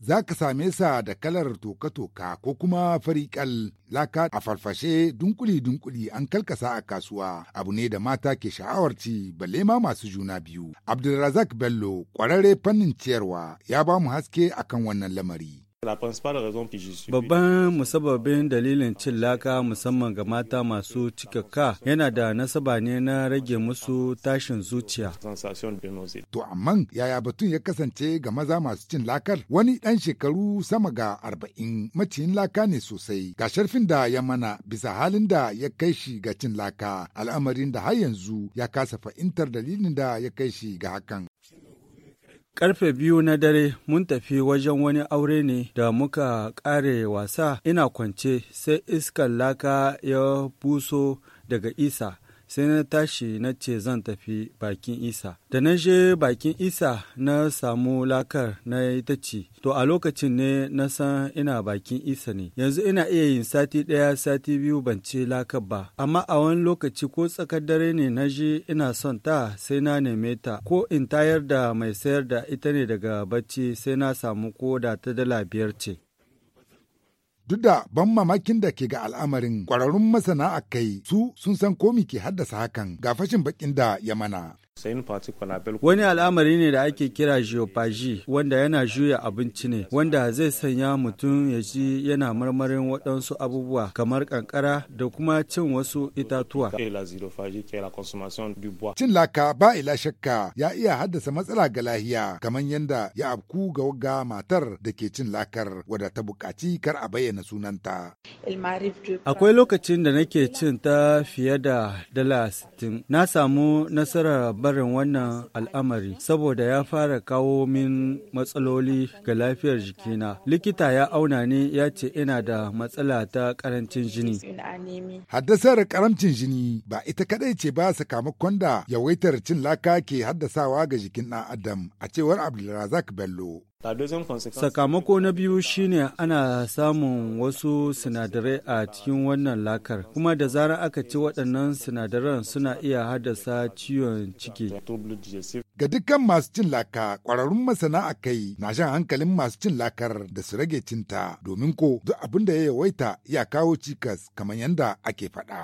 za ka same sa da kalar toka-toka ko kuma fariƙal laka a farfashe dunkuli-dunkuli an kalkasa a kasuwa abu ne da mata ke sha'awar ci balle ma masu juna biyu. Abdulrazak Bello ƙwararre fannin ciyarwa ya ba mu haske akan wannan lamari. Babban musababin dalilin cin laka musamman ga mata masu cikakka yana da nasaba ne na rage musu tashin zuciya. To amma yaya batun ya kasance ga maza masu cin lakar wani ɗan shekaru sama ga arba'in maciyin laka ne sosai ga sharfin da ya mana bisa halin da ya kai shi ga cin laka al'amarin da har yanzu ya kasa fahimtar dalilin da ya kai shi ga hakan. Karfe biyu na dare mun tafi wajen wani aure ne da muka ƙare wasa ina kwance sai iskar laka ya buso daga isa. sai na tashi na ce zan tafi bakin isa da na je bakin isa na samu lakar na ita ce, to a lokacin ne na san ina bakin isa ne yanzu ina iya yin sati ɗaya sati biyu ban ce lakar ba amma a wani lokaci ko tsakar dare ne na je ina son ta sai na neme ta ko in tayar da mai sayar da ita ne daga bacci sai na samu ko da ta dala biyar ce Duk da ban mamakin da ke ga al'amarin ƙwararrun masana a kai su sun san komi ke haddasa hakan ga fashin bakin da ya mana. Wani al'amari ne da ake kira geophagy wanda yana juya abinci ne wanda zai sanya mutum ya ji yana marmarin waɗansu abubuwa kamar kankara da kuma cin wasu itatuwa. Cin laka ba ila shakka ya iya haddasa matsala ga lahiya kamar yadda ya abku ga wagga matar da ke cin lakar wadda ta buƙaci kar a bayyana sunanta. Akwai lokacin da nake cin ta fiye da dala 60. Na samu nasarar barin wannan al'amari saboda ya fara kawo min matsaloli ga lafiyar jikina. Likita ya auna ni ya ce ina da matsala ta karancin jini. Haddasar karamcin jini ba ita kadai ce ba sakamakon da yawaitar cin laka ke haddasawa ga jikin ɗan adam a cewar Abdulrazak Bello. Sakamako na biyu shine ana samun wasu sinadarai a cikin wannan lakar, kuma da zarar aka ci waɗannan sinadaran suna iya haddasa ciwon ciki. Ga dukkan masu cin laka, ƙwararrun masana a kai na shan hankalin masu cin lakar da su rage cinta, domin ko duk abinda ya yawaita ya kawo cikas kamar yadda ake faɗa.